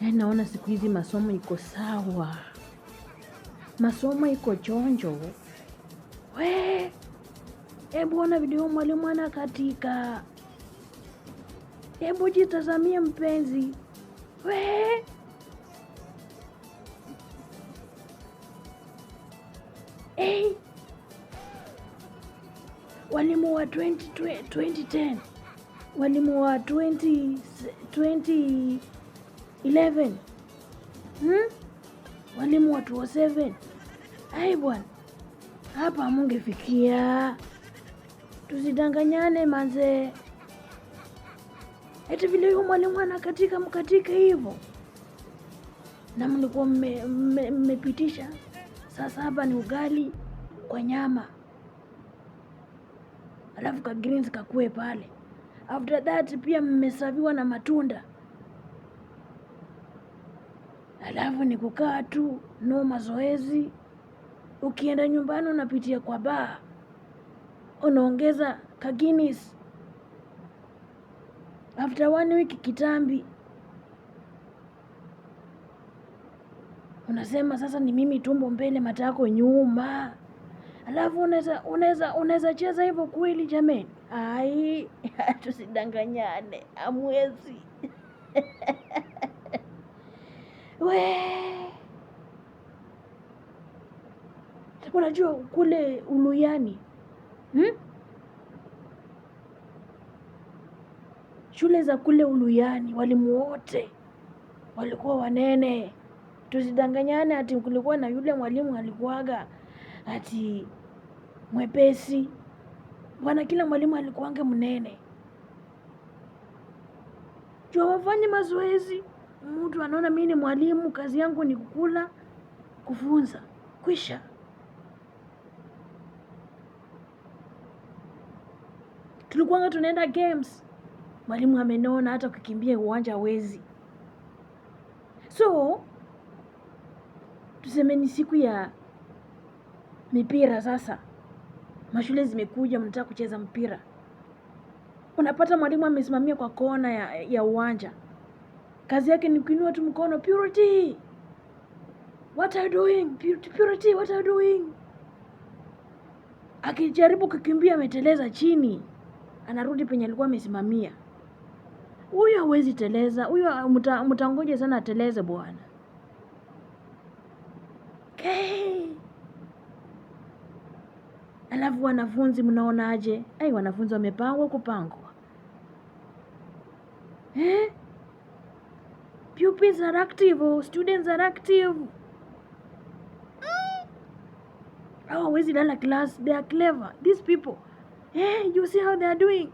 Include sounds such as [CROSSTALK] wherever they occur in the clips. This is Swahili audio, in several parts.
Yaani naona siku hizi masomo iko sawa, masomo iko chonjo. We hebu ona video mwalimu katika hebu jitazamie mpenzi. We hey. Eh. Walimu wa 20, 20, 2010 walimu wa 20, 20 11 hmm? Walimu wa 7 ai bwana, hapa amungefikia. tuzidanganyane manze, eti vile huyu mwalimu anakatika mkatika hivyo na mlikuwa mmepitisha mme, saa saba ni ugali kwa nyama, alafu ka greens kakue pale. After that pia mmesaviwa na matunda alafu ni kukaa tu, no mazoezi. Ukienda nyumbani unapitia kwa baa, unaongeza kaginis After one week kitambi, unasema sasa ni mimi, tumbo mbele, matako nyuma. Alafu unaweza unaweza unaweza cheza hivyo kweli? Jamani, ai, [LAUGHS] tusidanganyane, amwezi [LAUGHS] Wee! Unajua kule uluyani hmm? Shule za kule uluyani walimu wote walikuwa wanene. Tusidanganyane ati kulikuwa na yule mwalimu alikuwaga ati mwepesi bwana, kila mwalimu alikuwanga mnene. Jua wafanye mazoezi mtu anaona mimi ni mwalimu, kazi yangu ni kukula, kufunza, kwisha. Tulikuwanga tunaenda games, mwalimu amenona, hata kukimbia uwanja wezi So tuseme ni siku ya mipira sasa, mashule zimekuja, mnataka kucheza mpira, unapata mwalimu amesimamia kwa kona ya, ya uwanja kazi yake ni kuinua tu mkono Purity, what are you doing? Purity, Purity, what are you doing? Akijaribu kukimbia ameteleza chini, anarudi penye alikuwa amesimamia. Huyo hawezi teleza, huyo mtangoje sana ateleze bwana. Okay. Alafu wanafunzi mnaonaje? Ai, wanafunzi wamepangwa kupangwa eh? pupils are active or oh, students are active mm. Oh, hawa hawezi lala class they are clever these people hey, eh, you see how they are doing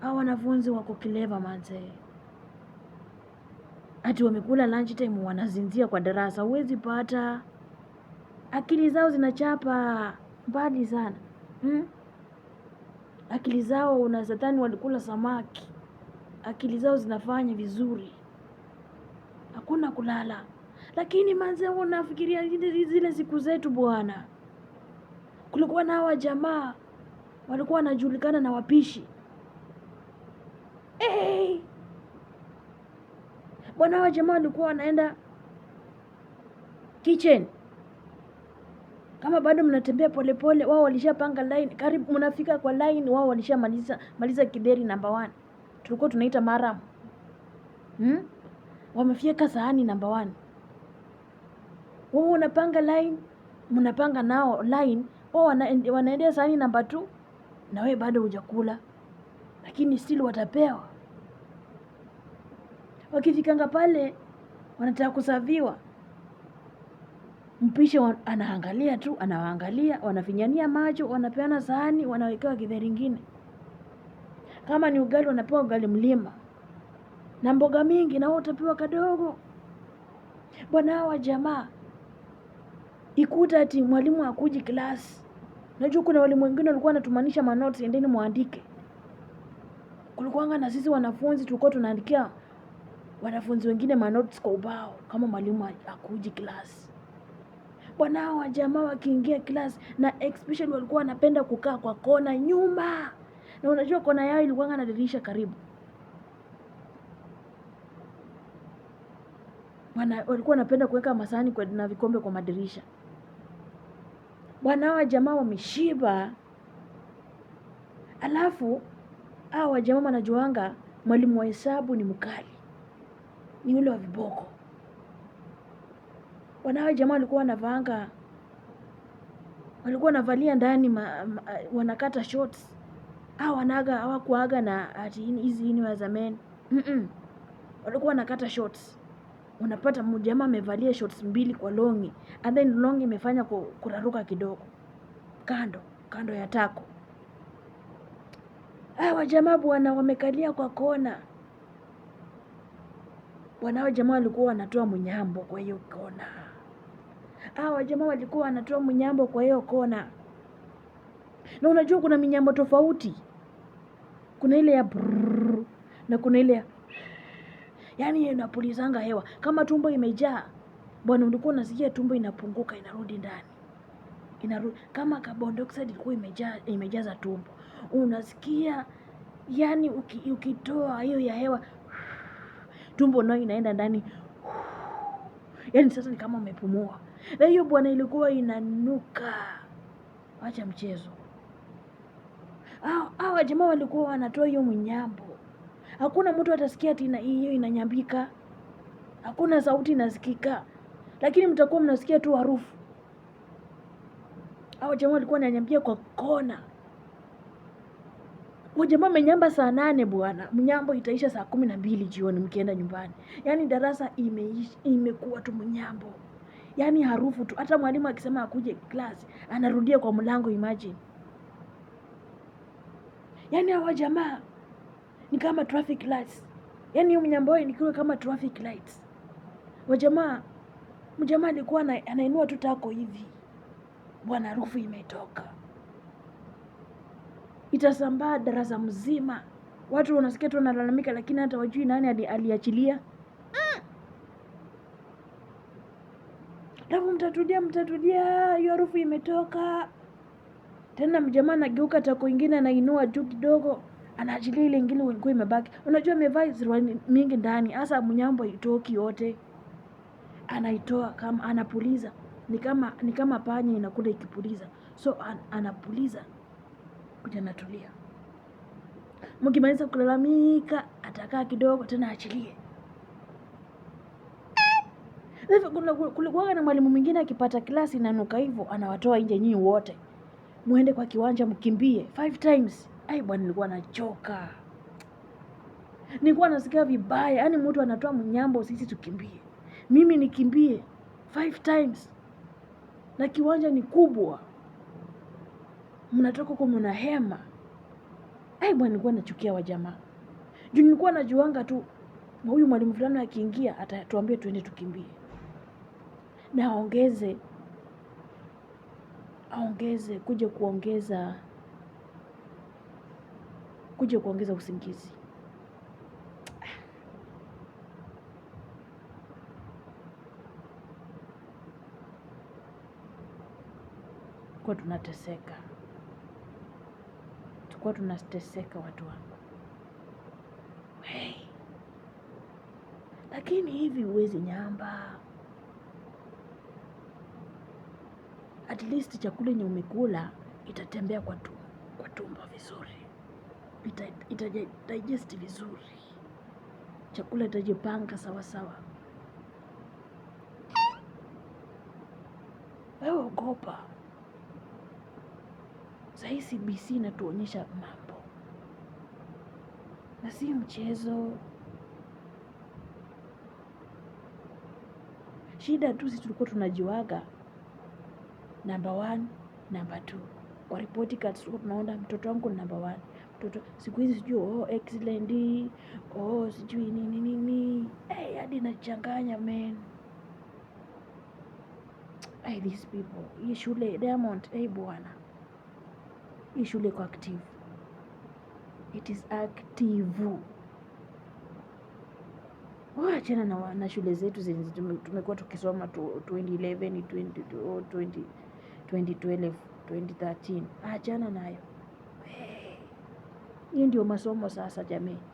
hawa wanafunzi wako clever manze ati wamekula lunch time wanazinzia kwa darasa huwezi pata akili zao zinachapa mbali sana hmm? akili zao una satani walikula samaki akili zao zinafanya vizuri hakuna kulala. Lakini manze, unafikiria zile siku zetu bwana, kulikuwa na hawa jamaa walikuwa wanajulikana na wapishi hey! Bwana, hawa jamaa walikuwa wanaenda kitchen kama bado mnatembea polepole, wao walishapanga line, karibu mnafika kwa line, wao walishamaliza maliza kideri namba 1 tulikuwa tunaita maram hmm? wamefyeka sahani namba one. Wao unapanga line, mnapanga nao line, wao wana, wanaendea sahani namba two na wewe bado hujakula, lakini still watapewa. Wakifikanga pale wanataka kusaviwa, mpishi anaangalia tu, anawaangalia, wanafinyania macho, wanapeana sahani, wanawekewa kidheri ingine. Kama ni ugali, wanapewa ugali mlima na mboga mingi, na wewe utapewa kadogo. Bwana, hawa jamaa ikuta ati mwalimu akuji klasi. Najua kuna walimu wengine walikuwa wanatumanisha manoti, endeni muandike. Kulikuwanga na sisi wanafunzi tulikuwa tunaandikia wanafunzi wengine manoti kwa ubao kama mwalimu akuji klasi. Bwana, hawa jamaa wakiingia klasi na especially walikuwa wanapenda kukaa kwa kona nyuma, na unajua kona yao ilikuwanga na dirisha karibu wana, walikuwa wanapenda kuweka masahani kwa, na vikombe kwa madirisha. Bwana, hawa jamaa wameshiba. Alafu hawa jamaa wanajuanga mwalimu wa hesabu ni mkali, ni yule wa viboko. Bwana, hawa jamaa walikuwa wanavaanga, walikuwa wanavalia ndani ma, ma, wanakata shorts hawa wanaga hawakuaga na ati hizi ni wa zamani mm -mm. walikuwa wanakata shorts unapata mjamaa amevalia shorts mbili kwa longi and then longi imefanya kuraruka kidogo kando kando ya tako. Hawa jamaa bwana wamekalia kwa kona, bwana. Hawa jamaa walikuwa wanatoa mnyambo kwa hiyo kona. Hawa jamaa walikuwa wanatoa mnyambo kwa hiyo kona, na unajua kuna minyambo tofauti, kuna ile ya brrr, na kuna ile ya yaani inapulizanga hewa. Kama tumbo imejaa bwana, ulikuwa unasikia tumbo inapunguka inarudi ndani, inarudi kama carbon dioxide ilikuwa imejaa imejaza tumbo, unasikia yaani uki, ukitoa hiyo ya hewa tumbo nayo inaenda ndani, yaani sasa ni kama umepumua. Na hiyo bwana ilikuwa inanuka, acha mchezo. Hawa jamaa walikuwa wanatoa hiyo mnyambo hakuna mtu atasikia ati hiyo inanyambika, hakuna sauti inasikika, lakini mtakuwa mnasikia tu harufu. Hao jamaa walikuwa wananyambia kwa kona. Jamaa amenyamba saa nane bwana, mnyambo itaisha saa kumi na mbili jioni mkienda nyumbani. Yaani darasa imeishi, imekuwa tu mnyambo, yaani harufu tu. Hata mwalimu akisema akuje klasi anarudia kwa mlango, imagine. Yaani hawa jamaa ni kama traffic lights. Yaani ni nikiwa kama traffic lights. Wajamaa mjamaa alikuwa anainua tu tako hivi. Bwana, harufu imetoka. Itasambaa darasa mzima. Watu wanasikia tu wanalalamika, lakini hata wajui nani aliachilia. Alafu mtatulia mtatulia, hiyo harufu imetoka tena. Mjamaa anageuka tako ingine, anainua juu kidogo, anaachilia ile ingine ilikuwa imebaki. Unajua amevaa suruali mingi ndani, hasa mnyambo itoki yote, anaitoa kama anapuliza, ni kama ni kama panya inakula ikipuliza, so an, anapuliza kuja natulia. Mkimaliza kulalamika, atakaa kidogo tena achilie kulikuwa na mwalimu mwingine akipata klasi inanuka hivyo, anawatoa nje nyinyi wote, muende kwa kiwanja mkimbie five times ai bwana, nilikuwa nachoka, nilikuwa nasikia vibaya. Yaani mtu anatoa mnyambo, sisi tukimbie, mimi nikimbie five times, na kiwanja ni kubwa, mnatoka huko mna hema. Ai bwana, nilikuwa nachukia wajamaa juu nilikuwa najuanga tu huyu mwalimu fulani akiingia atatuambia tuende tukimbie, na aongeze aongeze kuja kuongeza kuja kuongeza usingizi. Kwa tunateseka, tukuwa tunateseka watu wangu. Hey. Lakini hivi huwezi nyamba, at least chakula yenye umekula itatembea kwa tumbo, kwa tumbo vizuri itadigest vizuri, chakula itajipanga sawasawa. Wewe ogopa, sahii CBC inatuonyesha mambo na si mchezo. Shida tu si tulikuwa tunajiwaga namba one, namba two kwa ripoti kati tunaona mtoto wangu ni namba one, mtoto siku hizi sijui oh, excellent oh, sijui nini nini, hey, hadi nachanganya man. Hey, these people, hii shule Diamond, hey bwana, hii shule iko active, it is active. Wachana oh, na, na shule zetu zenye tumekuwa tukisoma 2011 2012 2013. Achana nayo. Hii ndio masomo sasa jamii.